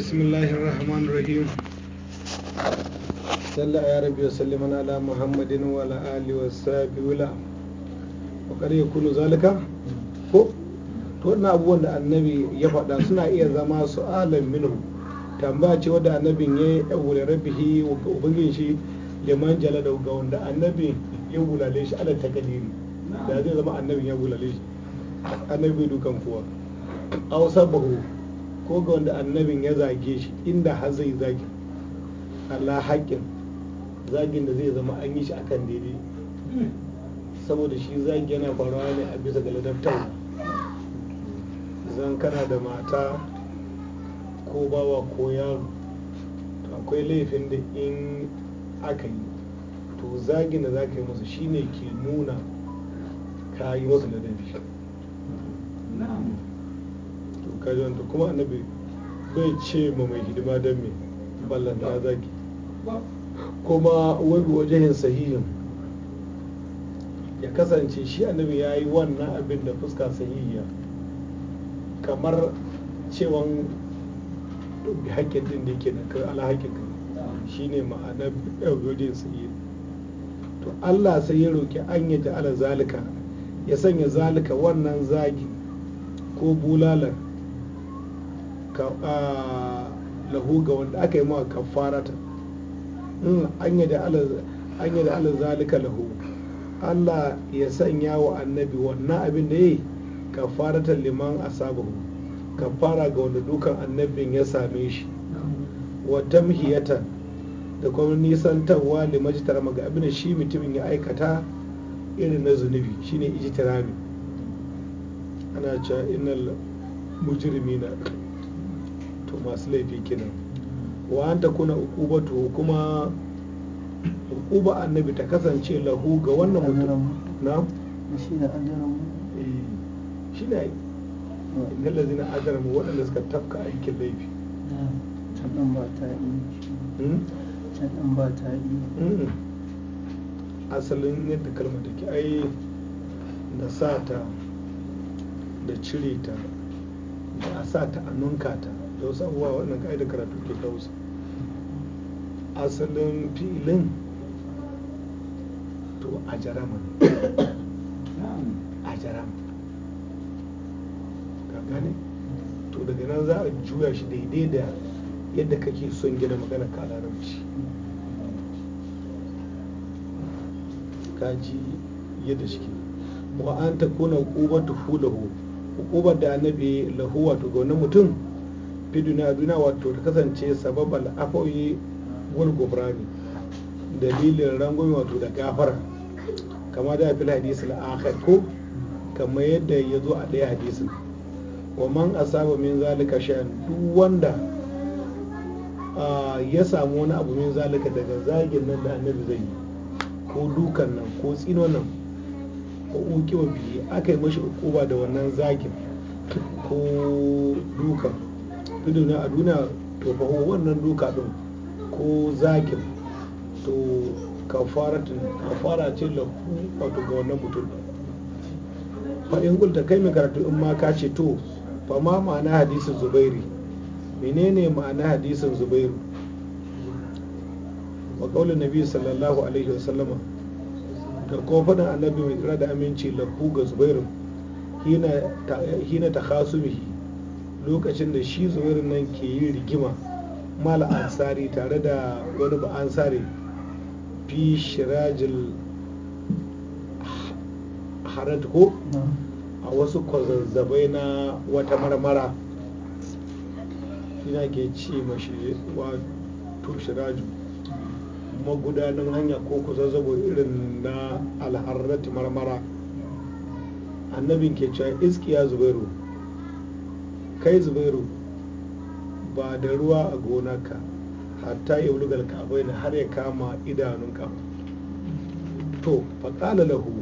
بسم الله الرحمن الرحيم صلى ربي وسلم على محمد وعلى وصحبه ولا وقد يكون ذلك ko to wannan abubuwan da annabi ya faɗa suna iya zama su'alan minhu tambaya ce annabin ya wa ubangin shi liman jala da ga wanda annabi ya wulale shi ala takadiri da zai zama annabin annabi dukan kowa bahu ko ga wanda annabin ya zage shi inda har zai zagi Allah haƙƙin zagin da zai zama an yi shi akan daidai saboda shi zagi yana faruwa ne a bisa ga ladabtar zan kana da mata ko bawa ko yaro to akwai laifin da in aka yi to zagin da za ka yi musu shine ke nuna ka yi wasu ladabi kaji wanda kuma annabi bai ce ma mai hidima don me ballan ta zaki kuma wani wajen sahihin ya kasance shi annabi ya yi wannan abin da fuska sahihiya kamar cewan dubbi haƙƙin din da yake da alhaƙin shi ne ma'anar ɗauyodin sahihin to allah sai ya roƙi an yi ja'ala zalika ya sanya zalika wannan zagi ko bulalar lahu ga wanda aka yi ma kafarata an yi da ala zalika lahu Allah ya sanya wa annabi wannan abin da ya yi kafaratan liman asabahu kafara ga wanda dukan annabin ya same shi wa tamhiyata da kuma nisantarwa limajitarama ga abin da shi mutumin ya aikata irin na zunubi shine ijitirami ana cewa mujirmi mujrimina to masu laifi kenan wa an takuna to kuma uquba annabi ta kasance lahu ga wannan mutum na shi na eh, shine innal ladzina mu, waɗanda suka tafka aikin laifi can ba ta yi hmm? ba ta yi hmm. asalin yadda kalmar take ai da sa ta da cire ta da a sa ta a nunka ta da wasu abubuwa wannan da karatu ke kawo su asalin filin to a jarama a jarama ka gane to daga nan za a juya shi daidai da yadda kake son gina magana ka larabci ka ji yadda shi wa an ta kuna ƙubar tuhu lahu ƙubar da annabi lahuwa to ga wani mutum fi duniya duniya wato ta kasance sababal afoyi wal gufrani dalilin rangomi wato da gafara kama da fil hadisi al-akhir ko kama yadda ya zo a ɗaya hadisin wa man asaba min zalika shay'an duk wanda ya samu wani abu min zalika daga zagin nan da annabi zai yi ko dukan nan ko tsino nan ko uki wa biyu aka yi mashi ukuba da wannan zagin ko dukan ido na a duniya to ba wannan duka din ko zakin, to kafaratin kafara ce lahu wato ga wannan mutum fa in gulta kai mai karatu in ma ka ce to fa ma ma'ana hadisin zubairi menene ma'ana hadisin zubairu wa kaulin nabi sallallahu alaihi wasallama da ko faɗin annabi mai tsira da aminci lafu ga zubairu hina ta khasumihi lokacin da shi zubairu nan ke yi rigima mal ansari tare da wani ba ansari fi shirajil a wasu kwazazzabai na wata marmara yana ke ce mashi wato shirajil magudanin hanya ko kwazazzabo irin na alharrati marmara annabin ke cewa iskiya zubairu kai zubairu ba da ruwa a gonarka hatta ya wulugar kabai na har ya kama idanun ka to faƙala lahu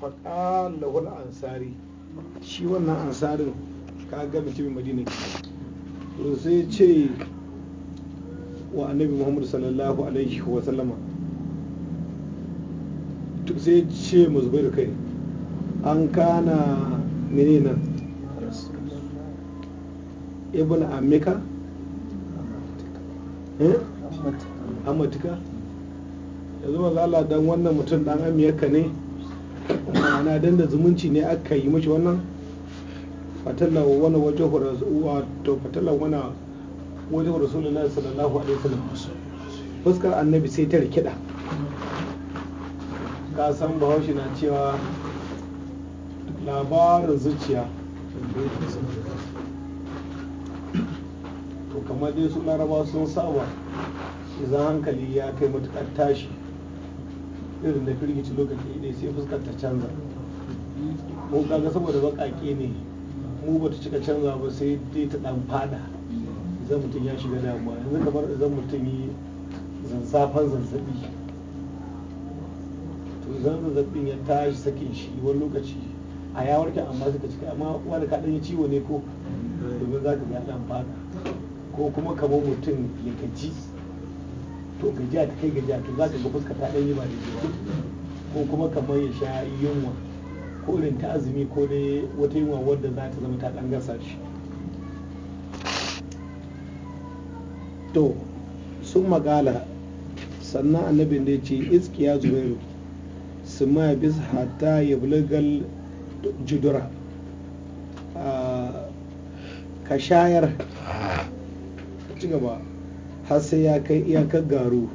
faƙala lahu ansari shi wannan ansarin ka ga mutumin madina ke sai ce wa annabi muhammadu sallallahu alaihi wa sallama sai ce mu da kai an kana mene nan ibn amika eh? amatika yanzu mazala don wannan mutum dan amiyarka ne ma'ana dan da zumunci ne aka yi mishi wannan fatalla wani wajen wato fatalla wani wajen rasulullahi sallallahu alaihi wasallam fuskar annabi sai ta rikida ka san bahaushe na cewa labarin zuciya to kamar dai su laraba sun saba idan hankali ya kai matukar tashi irin da firgici lokaci ne sai fuskar ta canza ko kaga saboda baƙaƙe ne mu bata cika canza ba sai dai ta dan fada idan mutum ya shiga damuwa yanzu kamar idan mutum yi zanzafan zazzabi to idan zazzabin ya tashi sakin shi wani lokaci a yawar ta amma suka cika amma wani kaɗan ya ciwo ne ko domin za ka ga ɗan ko kuma kamar mutum ya gaji to gajiya ta kai gajiya to za ka ga fuska ta ɗan yi ba da ko kuma kamar ya sha yunwa ko irin ta azumi ko dai wata yunwa wadda za ta zama ta ɗan gasa shi to sun magala sannan annabin da ya ce iskiya zubairu su ma ya bisa hata ya bulagal judura ah, ka shayar ci gaba har sai ya kai iyakar garu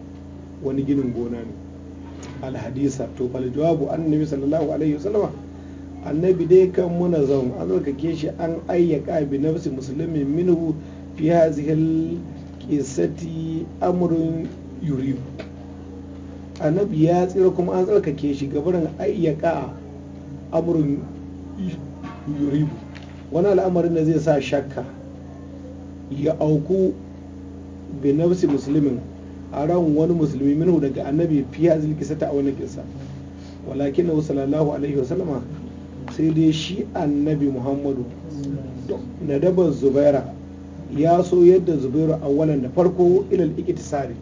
wani ginin gona ne alhadisa to fal jawabu annabi sallallahu alaihi wasallama annabi dai kan muna zaun an zarkake shi an ayyaka bi nafsi musulmi minhu fi hazihil sati amurin yuriyu annabi ya tsira kuma an tsarkake shi gabarin ayyaka amurin yuriyu wani al'amarin da zai sa shakka ya auku bi nafsi musulmin a ran wani musulmi minhu daga annabi fiye zilkisa a wani kisa walakin na wasu alaihi wasallama sai dai shi annabi muhammadu na daban zubaira ya so yadda zubairu awwalan da farko ilal iktisari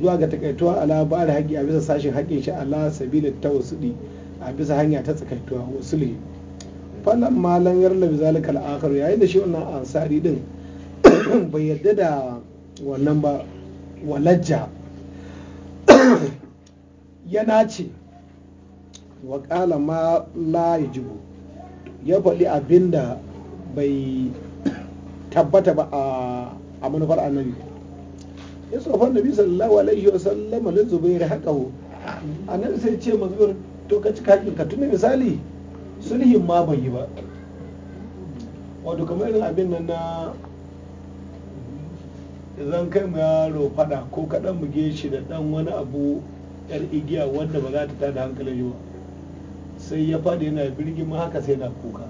zuwa ga takaituwa ala labarin haƙi a bisa sashin haƙƙin shi ala sabila tawassudi a bisa hanya ta tsakaituwa wasuli falan malan yar labi zalika al-akhir yayin da shi wannan ansari din bai yarda da wannan ba walajja yana ce wa ma la yajibu ya faɗi abinda bai tabbata ba a manufar annabi ya tsofan nabi sallallahu alaihi wa sallama lin zubair A nan sai ce ma to ka cika hakinka Tun da misali sulhin ma ban yi ba wato kamar irin abin nan na zan kai mu yaro fada ko kaɗan buge shi da ɗan wani abu yar igiya wanda ba za ta tada hankalin ba sai ya fada yana birgin ma haka sai na kuka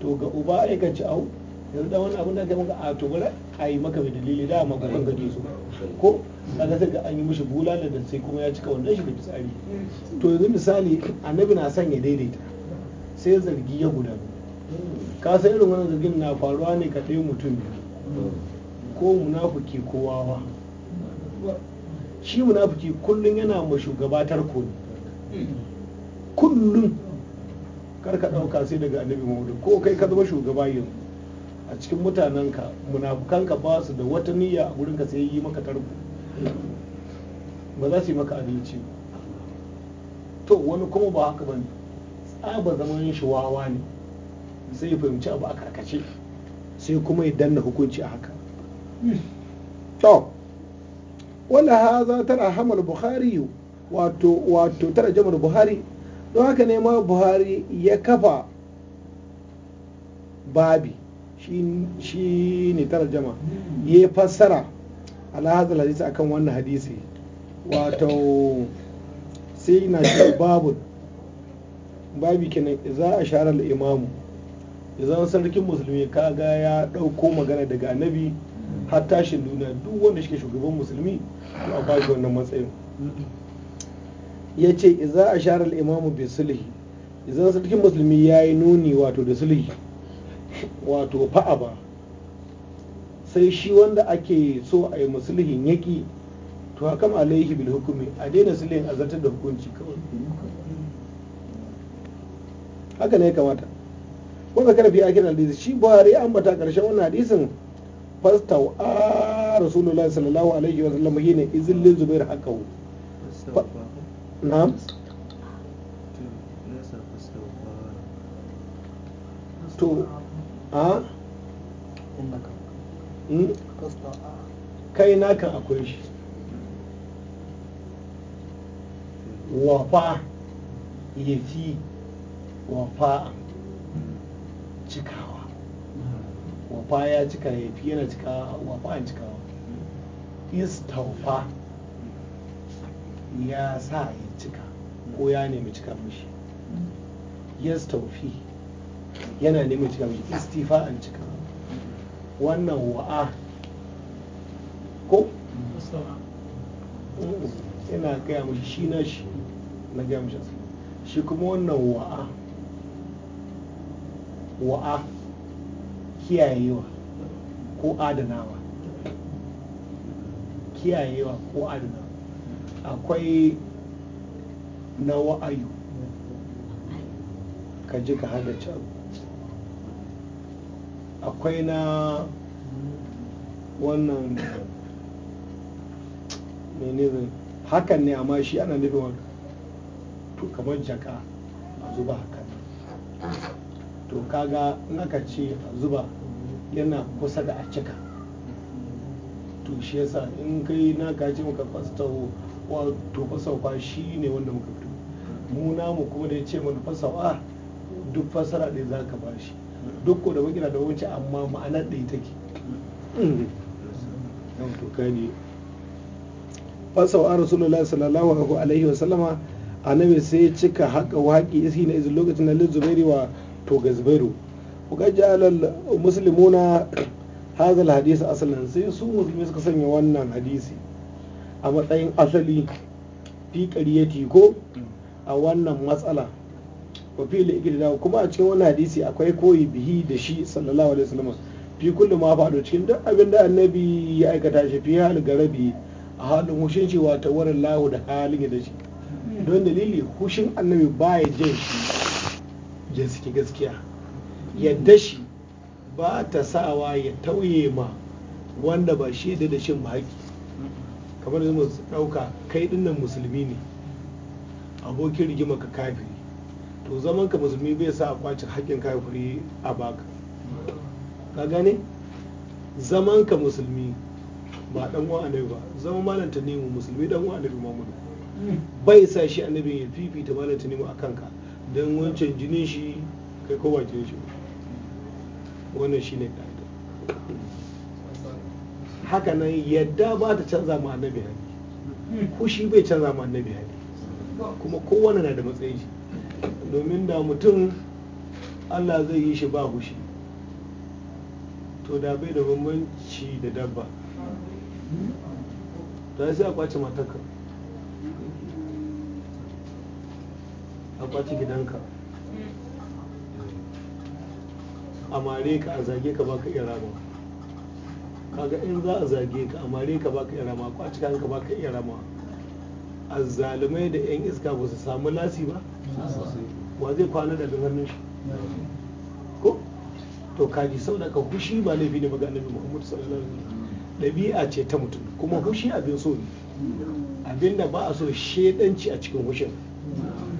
to ga uba aikaci au yanzu da wani abin da aka muka a to a yi maka mai dalili da ma gokan gade su ko ga sai ga an yi mishi bulala da sai kuma ya cika wannan shi da fitsari to yanzu misali annabi na son ya daidaita sai zargi ya gudana ka san irin wannan zargin na faruwa ne ka ɗaya mutum biyu ko munafuki ko wawa shi munafuki kullum yana ma shugabatar ko ne kullum kar ka ɗauka sai daga annabi mawudu ko kai ka zama shugaba yanzu a cikin mutanenka munafukanka ba su da wata niyya a gurinka sai yi maka tarko ba za su yi maka abinci to wani kuma ba haka ba ne tsaba zaman shi wawa ne sai ya fahimci abu a karkace sai kuma ya danna hukunci a haka to wala haza tara hamal bukhari wato wato tara jamal buhari don haka ne ma buhari ya kafa babi shi ne tarjama ya yi fassara alhazal hadisi akan wannan hadisi wato sai na shi babu babu kenan za a share imamu zama sarkin musulmi kaga ya ɗauko magana daga annabi har tashin duniya duk wanda shi shugaban musulmi to a bashi wannan matsayin ya ce za a share imamu bai sulhi idan sarkin musulmi ya yi nuni wato da sulhi wato fa'a ba sai shi wanda ake so a yi musulhin yaki to hakan alaihi bil hukumi a daina sulhin a zartar da hukunci kawai haka ne ya kamata ko zakar fi akin hadisi shi buhari an bata karshen wannan hadisin fastaw a rasulullah sallallahu alaihi wa sallam shine izillin zubair hakahu na'am to Hmm? a kai na kan akwai shi wafa ya fi wafa cikawa wafa ya cika ya fi yana cikawa wafa an cikawa istaufa ya sa ya cika ko ya nemi cika mishi yastaufi yana neman cika mishi istifa an cika wannan wa'a ko yana gaya mishi shi na shi na gaya mishi shi kuma wannan wa'a wa'a kiyayewa ko adanawa kiyayewa ko adanawa akwai na wa'ayu ka ji ka haddace abu akwai na wannan menene hakan ne amma shi ana nufin wani to kamar jaka a zuba hakan to kaga in aka ce a zuba yana kusa da a cika to shi yasa in kai na kace muka wa to fasawa shi ne wanda muka fito mu namu kuma da ya ce mana fasawa ah, duk fasara ne za ka ba shi duk da bakina da wancan amma ma'anar ɗaya take yau to ne fasau a rasulullahi sallallahu alaihi wa sallama annabi sai cika haka waƙi iski na izin lokacin na Beri wa to ga zubairu kuka ji alal musulmuna hazal hadisi asalin sai su musulmi suka sanya wannan hadisi a matsayin asali fi ya ko a wannan matsala wa fi kuma a cikin wani hadisi akwai koyi bihi da shi sallallahu alaihi wasallam fi kullu ma faɗo cikin duk abin da annabi ya aikata shi fi hal garabi a halin hushin shi wato warin lahu da halin da shi don dalili hushin annabi ba ya jin shi suke gaskiya yadda shi ba ta sawa ya tauye ma wanda ba shi da shin haƙi kamar da mu ɗauka kai dinnan musulmi ne abokin rigima ka kafi to zaman ka musulmi bai sa a kwace haƙƙin kafiri a baka ka gane zaman ka musulmi ba dan uwan annabi ba zaman malam tanimu musulmi dan uwan annabi muhammadu bai sa shi annabi ya fifita malam tanimu a kanka don wancan jinin shi kai ko ba jinin shi wannan shine ka'ida haka nan yadda ba ta canza ma annabi hali shi bai canza ma annabi hali kuma kowane na da matsayin shi domin da mutum allah zai yi shi ba hushi to da bai da bambanci da dabba ta sai a kwace matarka a kwace gidanka a mare ka a zage ka baka iya rama kaga in za a zage ka a mare ka baka iya rama kwace ka baka iya rama zalimai da 'yan iska ba su samu lasi ba wa zai kwana da ganin shi ko to kaji da ka hushi ba laifi ne ba annabi muhammadu sallallahu alaihi wasallam ɗabi'a ce ta mutum kuma hushi abin so ne abinda ba a so shedanci a cikin hushin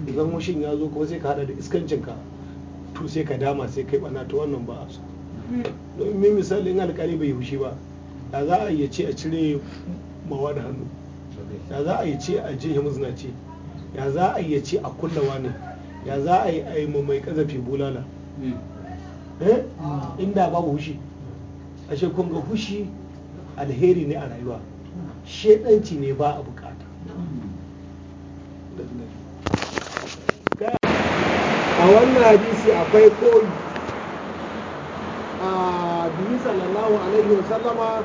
idan hushin ya zo kuma sai ka hada da iskancin ka to sai ka dama sai kai bana to wannan ba a so don min misali in alƙali bai hushi ba da za a iya ce a cire mawa da hannu ya za a iya ce a je ya muzna ce ya za a iya ce a kullawa ne ya za a yi a yi mai kazafi bulala eh? inda babu hushi A kun ga hushi alheri ne a rayuwa shedanci ne ba a bukata a wannan hadisi akwai koyi a biyu sallallahu alaihi wa sallama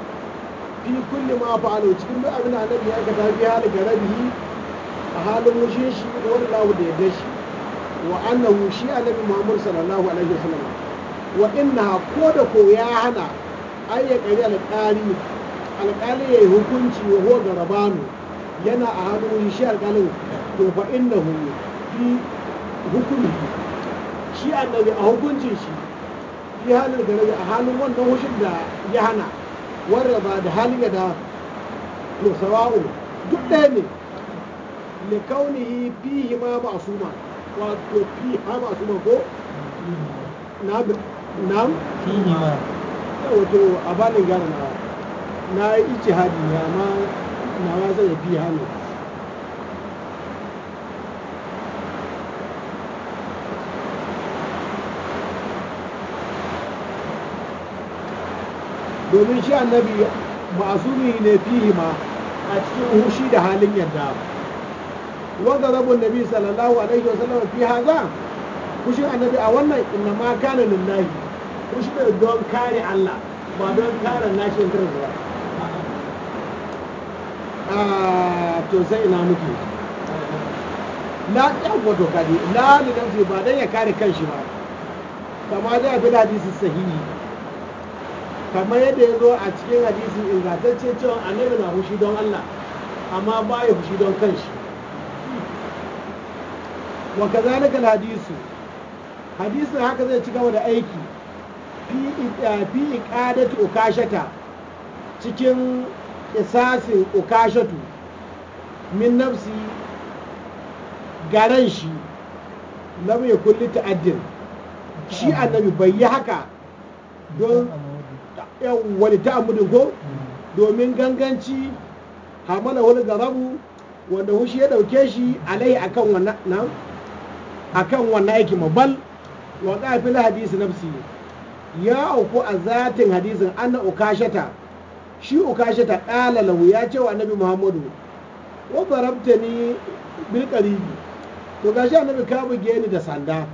fi kulli ma fa'alu cikin duk abin da annabi ya ka fi halin garabi a halin mushin shi wani lawo da ya shi wa annahu shi annabi Muhammad sallallahu alaihi wasallam wa inna ko da ko ya hana ai ya kari alƙali alƙali yayi hukunci wa huwa garabanu yana a hannun shi alƙalin to fa innahu fi hukumi shi annabi a hukuncin shi fi halin garabi a halin wannan hushin da ya hana warraba da halin da to sawa'u duk ɗaya ne likaunihi fihi ma ba ma'suma wato fi ha su na na fi ma wato a bani gane na na yi ce hadi ne amma na ma zai fi ha domin shi annabi ma'azumi ne fihi ma a cikin hushi da halin yadda wa garabu nabi sallallahu alaihi wasallam fi haza kushi annabi a wannan inna ma kana lillahi kushi ne don kare Allah ba don kare nashi interest ba a to sai ina muke la yawa to kaji la dan nafsi ba dan ya kare kanshi ba kama da abin hadisi sahihi kamar yadda ya zo a cikin hadisi ingantacce cewa annabi na hushi don Allah amma ba ya hushi don kanshi wa kazalika Hadisu hadisin haka zai ci gaba da aiki fi eh, iqadatu ukashata cikin isasin ukashatu min nafsi garan shi lam ya kulli ta'addin shi annabi bai yi haka don wani ta'amudin ko domin ganganci hamala wani garabu wanda hushi ya dauke shi alai akan wannan akan wannan aiki mabal? bal wa qafil hadisi fisi. ya auku a zatin hadisin ana ukashata shi ukashata qala lahu ya ce wa annabi muhammadu wa ni bilkari bi? to shi annabi ka buge ni da sanda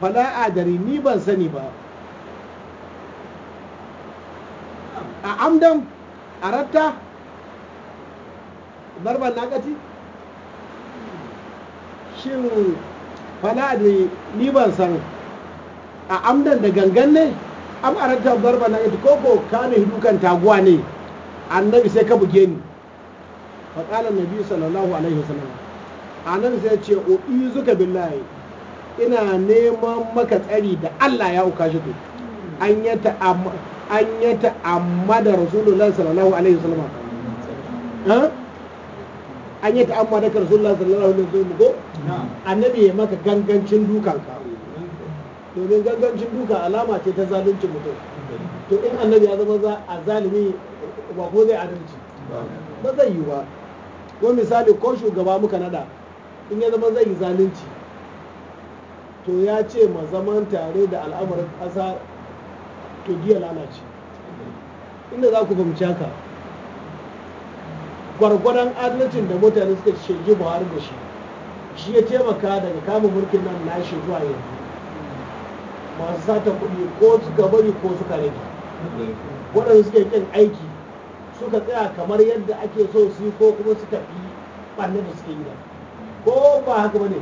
fala adari ni ban sani ba a amdan aratta barban naqati shin da ni ban san a amdan da gangan ne am arata barba na ita koko ka ne dukan taguwa ne annabi sai ka buge ni faƙala nabi sallallahu alaihi wasallam annabi sai ce o izuka billahi ina neman maka tsari da Allah ya uka shi an ya amma da rasulullahi sallallahu alaihi wasallam an yi ta'amma da rasulullah sallallahu alaihi wasallam ko annabi ya maka gangancin dukan ka domin gangancin duka alama ce ta zalunci mutum to in annabi ya zama za a zalimi ba ko zai adalci ba zai yi ba ko misali ko shugaba muka nada in ya zama zai yi zalunci to ya ce ma zaman tare da al'amarin ƙasa to giya lalace inda za ku fahimci haka gwargwaron adalcin da mutane suka shirgi buhari da shi shi ya taimaka daga kama mulkin nan shi zuwa yanzu masu sata kuɗi ko suka bari ko suka rage waɗanda suke kin aiki suka tsaya kamar yadda ake so su ko kuma suka fi ɓanne da suke yi ko ba haka ba ne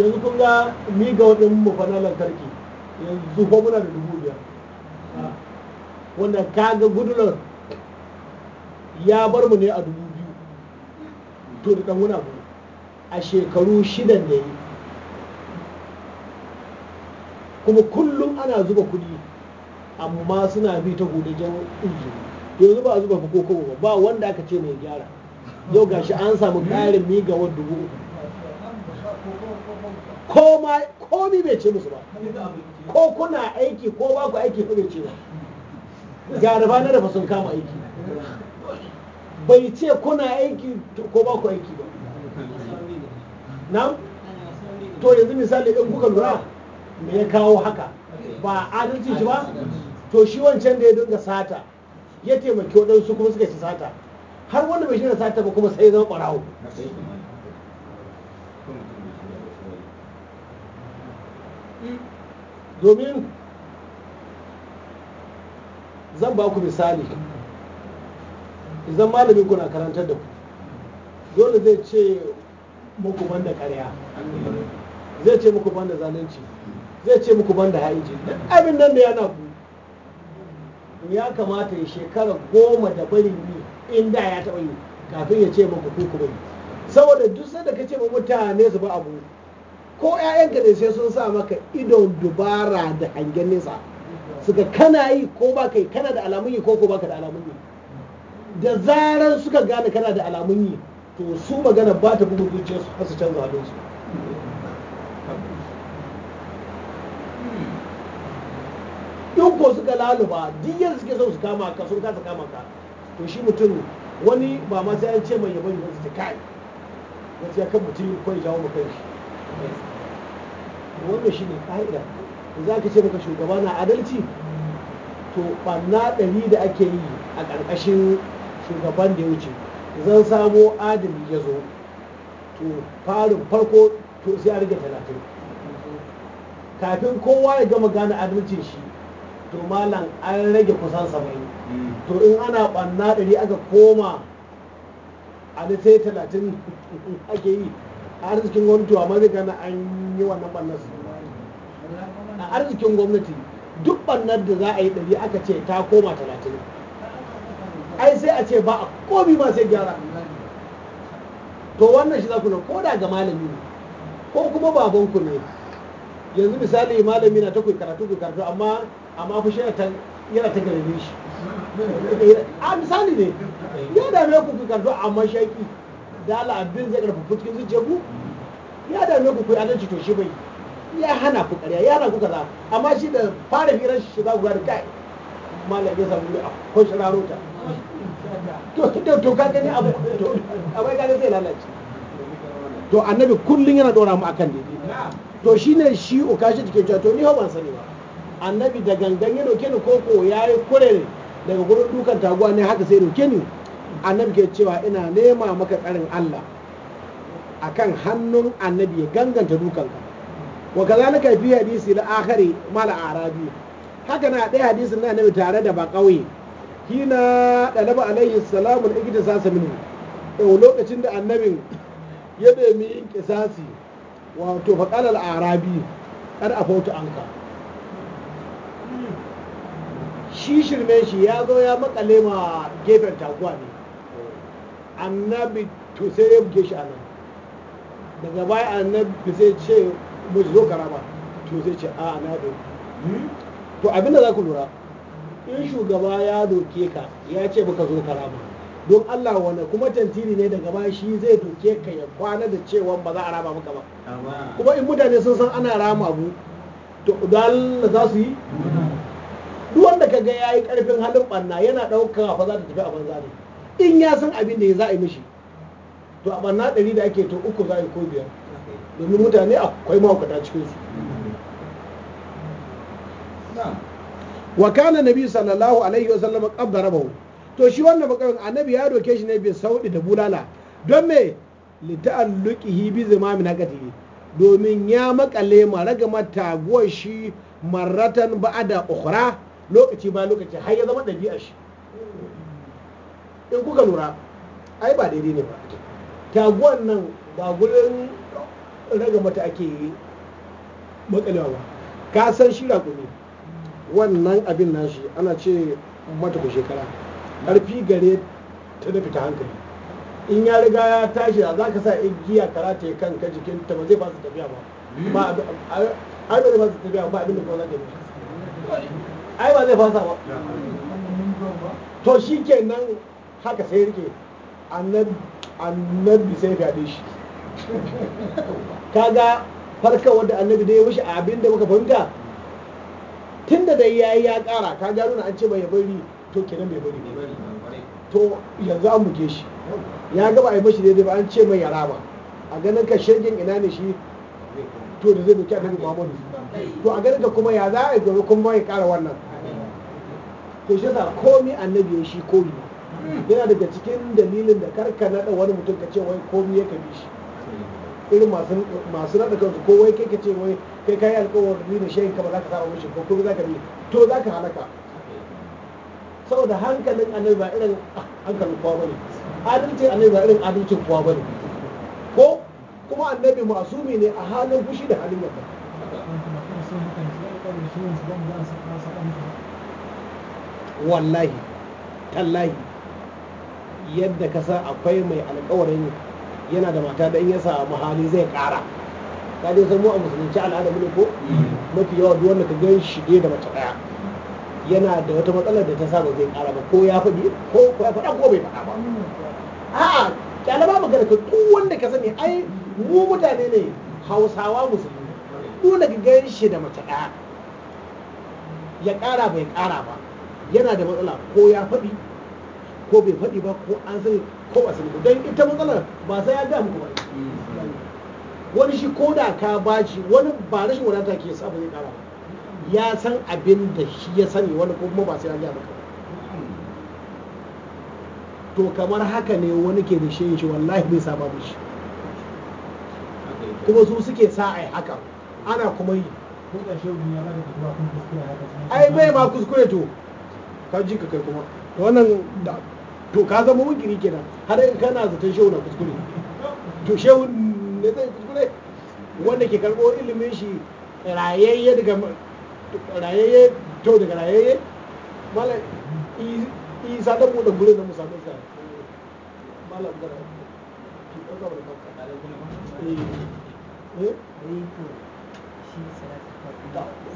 yanzu kun ga ni ga waɗin mu lantarki yanzu ko muna da dubu biyar wanda kaga gudunar ya bar mu ne a dubu biyu to da ɗan wani a shekaru shidan da yi kuma kullum ana zuba kuɗi amma suna bi ta jan injini yanzu ba a zuba ko kowa ba ba wanda aka ce mai gyara yau gashi an samu ƙarin migawar dubu uku ni bai ce musu ba ko kuna aiki ko ba ku aiki ko bai ce ba ba na rafa sun kama aiki bai ce kuna aiki ko ba ku aiki ba na to yanzu misali in kuka lura me ya kawo haka ba adalci shi ba to shi wancan da ya dinga sata ya taimaki waɗansu kuma suka ci sata har wanda bai shirya sata ba kuma sai zama ɓarawo domin zan ba ku misali idan malamin kuna karantar da ku dole zai ce muku banda karya zai ce muku banda zalunci zai ce muku banda haiji abin nan da yana ku ya kamata ya shekara goma da barin yi in da ya taɓa yi kafin ya ce muku ku kuma yi saboda duk da ka ce ma mutane su ba abu ko 'ya'yanka da sai sun sa maka idon dubara da hangen nesa suka kana yi ko ba kai kana da alamun yi ko ko ka da alamun yi da zarar suka gane kana da alamun yi to su magana ba ta bugun zuciyarsu har su canza halinsu in ko suka laluba duk yadda suke son su kama ka sun kasa kama ka to shi mutum wani ba ma sai an ce mai yabon yabon ta kai ya kan mutum kawai jawo kai shi wannan shi ne ƙa'ida za ka ce maka shugaba na adalci to ɓanna ɗari da ake yi a ƙarƙashin shugaban da ya wuce zan samo adali ya zo to farin farko to sai a rage talatin kafin kowa ya gama gane adalcin shi to malam an rage kusan saba'in to in ana ɓanna ɗari aka koma a da sai talatin ake yi a arzikin gwamnati wa mazika gana an yi wannan ɓannar su a arzikin gwamnati duk ɓannar da za a yi ɗari aka ce ta koma talatin ai sai a ce ba a komi ma sai gyara to wannan shi za ku ko da ga malami ne ko kuma ku ne yanzu misali malami na ta karatu ku karatu amma amma fa shi yana ta gare shi a misali ne ya dame ku ku karatu amma shaki da ala abin zai karfa fitkin zuciya ku ya me ku ku adalci to shi bai ya hana ku ƙarya ya hana ku kaza amma shi da fara firar shi za ku ga kai Malami ya samu a kwashe rarota to to abu abai ka zai lalace to annabi kullun yana dora mu akan dai. to shine shi okashi cikin cewa to ni ho ban sani ba annabi da gangan ya doke ni koko yayi kure daga gurin dukan taguwa ne haka sai doke ni annabi ke cewa ina nema maka tsarin Allah akan hannun annabi ya ganganta dukanka wa kazalika fi hadisi al-akhari mal arabi haka na ɗaya hadisin na annabi tare da ba ƙauye hina ɗalaba alaihi salamu al'igidin sasa mini yau lokacin da annabin ya nemi in kisasi wato faƙalar arabi ɗan afautu anka shi shirme shi ya zo ya makale ma gefen taguwa ne annabi to sai ya buge shi anan daga baya annabi sai ce mu zo karama to sai ce a na hmm? to abinda za ku lura in shugaba ya doke ka ya ce baka zo ka raba. don Allah wani kuma tantiri ne daga baya shi zai doke ka ya kwana da cewa ba za a rama maka ba kuma in mutane sun san ana rama abu to don za su yi duk wanda ka ga yayi karfin halin banna yana ɗauka fa za ta tafi a banza ne in ya san abin da ya za a yi mishi to a banna ɗari da ake to uku za a yi ko biyar domin mutane akwai mahaukata cikinsu. wa kana nabi sallallahu alaihi wasallam qad darabahu to shi wannan bakarin annabi ya doke shi ne bi saudi da bulala don me li ta'alluqihi bi zimamin aqatihi domin ya makale mata taguwar shi marratan ba'ada ukhra lokaci ba lokaci har ya zama dabi'a shi in kuka lura ai ba daidai ne ba taguwar nan ba gurin raga mata ake makalewa ba ka san shi raƙumi wannan abin nashi ana ce mata ku shekara ƙarfi gare ta da fita hankali in ya riga ya tashi za ka sa igiya karata ya kanka jikin ta ba zai ba su tafiya ba ai ba zai ba su tafiya ba abin da kuma za ta yi ai ba zai fasa ba to shi ke nan haka sai rike annabi sai fyaɗe shi kaga farka da annabi da ya wuce abin da muka fahimta tun da dai yi ya kara ka gano na an ce bai bari to kenan bai bari to yanzu an buge shi ya gaba a yi mashi daidai ba an ce mai yara ba a ganin ka shirgin ina ne shi to da zai doki annabi Muhammadu to a ganin ka kuma ya za a yi gobe kuma ya kara wannan to shi yasa komi annabi ya shi koyi yana daga cikin dalilin da karka naɗa wani mutum ka ce wai komi ya kabi shi irin masu rada kansu ko wai kai ka ce wai kai kayi alƙawarin da shayin ka ba za ka samu mishi ko kuma za ka bi to za ka halaka saboda hankalin annabi ba irin ah, hankalin kowa bane adalci annabi ba irin adalcin kowa bane ko kuma annabi masumi ne a halin fushi da halin yarda wallahi tallahi yadda ka sa akwai mai alƙawarin yana da mata da in ya samu hali zai kara, ka dai san mu a musulunci al'ada mu ko mm. mafi yawa duk wanda ka gan shi da mace ɗaya yana da wata matsalar da ta sa ba zai kara ba ko ya faɗi ko ko ya faɗa ko bai faɗa ba a'a kyalaba magana ka duk wanda ka sani ai mu mutane ne hausawa musulmi dole ka gan shi da mace ɗaya ya ƙara bai kara ba yana da matsala ko ya faɗi ko bai faɗi ba ko an sani ko ba sani don ita matsalar ba sai ya damu ba wani shi ko da ka shi wani ba rashin wadata ke sa zai kara ya san abin da shi ya sani wani ko kuma ba sai ya damu maka to kamar haka ne wani ke da shi shi wallahi bai saba shi kuma su suke sa ai haka ana kuma yi ai bai ma kuskure to ka ji ka kai kuma wannan to ka zama munkiri kenan har in kana zaton shehu na kuskure to shehu ne zai kuskure wanda ke karɓo ilimin shi rayayye daga rayayye to daga rayayye mala isa dan buɗe gurin na musamman sa mala gara eh, eh?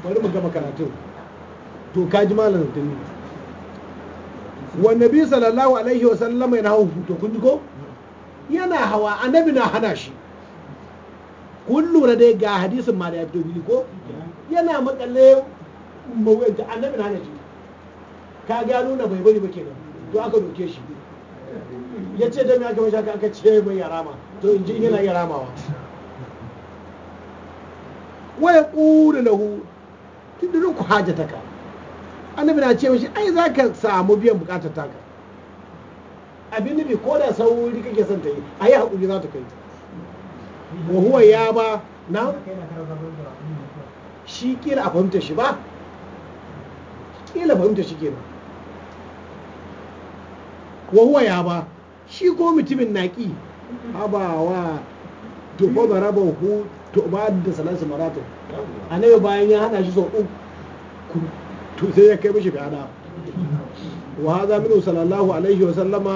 bari mu gama karatun to ka ji malam da ni wa nabi sallallahu alaihi wasallam yana hawa to kun ji ko yana hawa annabi na hana shi kun lura dai ga hadisin ma da ya fito ko yana makalle mawuyanci annabi na hana shi ka ga nuna bai bari ba nan. to aka doke shi ya ce don ya gama shaka aka ce mai yara ma. to in ji yana ma wa. waya ƙuri lahu tun da ku hajjata ka annabi na ce mashi ai za ka samu biyan bukatar taka abin nufi ko da sauri kake son ta yi a yi haƙuri za ta kai wa huwa ya ba na shi kila a fahimta shi ba kila fahimta shi kenan wa huwa ya ba shi ko mutumin naƙi habawa tuba da raba hu tuba da salansu maratun a bayan ya hana shi sau uku to sai ya kai mishi ana. wa haza minu sallallahu alaihi wa sallama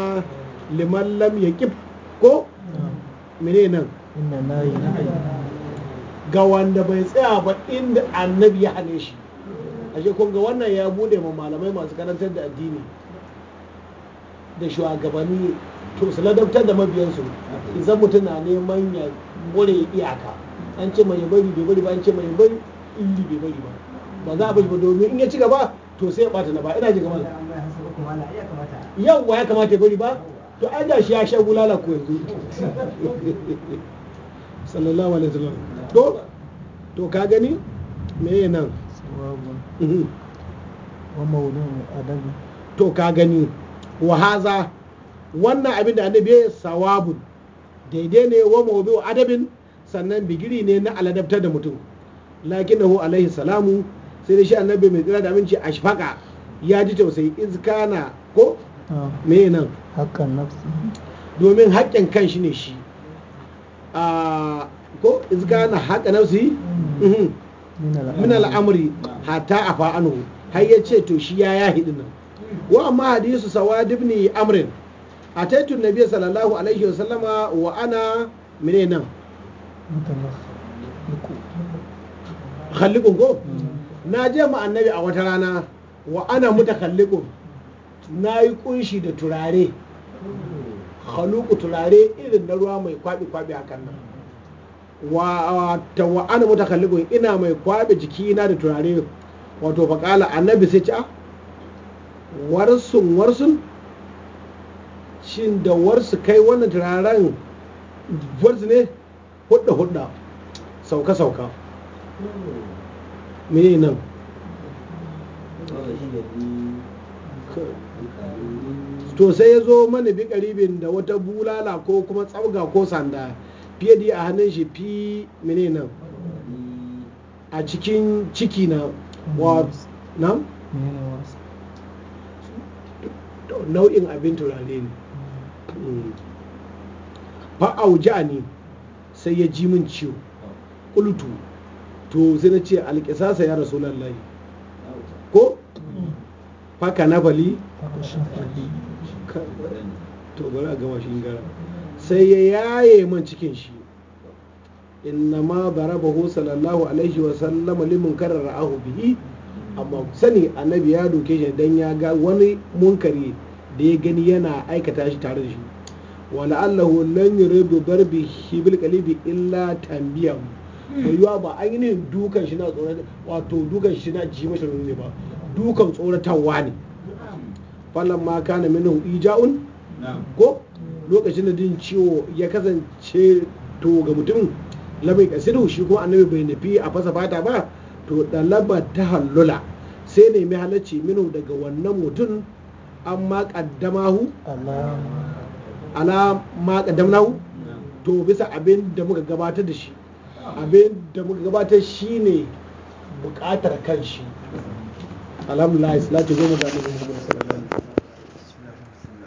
liman lam yaqib ko mene nan ga wanda bai tsaya ba inda annabi ya hane shi ashe kun ga wannan ya bude ma malamai masu karantar da addini da shugabanni to su ladabtar da mabiyansu idan mutum na neman ya more iyaka an ce mai bari bai bari ba an ce mai bari iri bai bari ba ba za a bashi ba domin in ya ci gaba to sai ya bata na ba ina ji Yau yawwa ya kamata ya bari ba to an da shi ya sha gulala ko yanzu sallallahu alaihi wasallam to to ka gani me nan to ka gani wa haza wannan abin da annabi sawabun daidai ne wa mawdu adabin sannan bigiri ne na aladabtar da mutum lakinahu alaihi salamu sai da shi annabi mai tsira da aminci shafaka ya ji tausayi izkana ko ah. me nan haƙƙan nafsi domin haƙƙin kan shi ne shi a ah, ko izkana haƙƙa nafsi mm. mhm. min al'amuri hata a fa'anu har ya ce to shi ya yahi nan wa amma hadisu sawad ibn amrin taitun nabiy sallallahu alaihi wa sallama wa ana mine nan khalliqun ko mm. na je ma annabi a wata rana wa ana mutakalliqun na yi kunshi da turare haluku turare irin na ruwa mai kwabi kwabi a kan nan wa wa ana ina mai kwabi jikina da turare wato faƙala annabi sai ci a ah, warsun warsun shin da warsu kai wannan turaren warsu ne hudda hudda sauka sauka mene nan to sai ya zo mana bi karibin da wata bulala ko kuma tsabga ko sanda fiye da a hannun shi fi mene nan a cikin ciki na nan nau'in abin turare ne fa'auja ne sai ya ji min ciwo ƙultu to sai na ce alƙisasa ya rasu lallai ko faka na bali to bari a gama shi gara sai ya yaye man cikin shi inna ma darabahu sallallahu alaihi wa sallama limin karar ra'ahu bihi amma sani annabi ya doke shi dan ya ga wani munkari da ya gani yana aikata shi tare da shi wa la'allahu lan yuridu darbihi bil qalbi illa tanbiyahu da yiwa ba ainihin dukan shi na tsoron wato dukan shi na ji mashi ne ba dukan tsoratarwa ne falon ma kana minu ija'un ko lokacin da jin ciwo ya kasance to ga mutum labai kasiru shi kuma annabi bai nufi a fasa fata ba to da laba ta hallula sai nemi halacci minu daga wannan mutum amma kaddamahu ala ma kaddamahu to bisa abin da muka gabatar da shi abin da muka gabata shi ne bukatar kanshi alhamdulillah salatu goma ga nabi muhammad sallallahu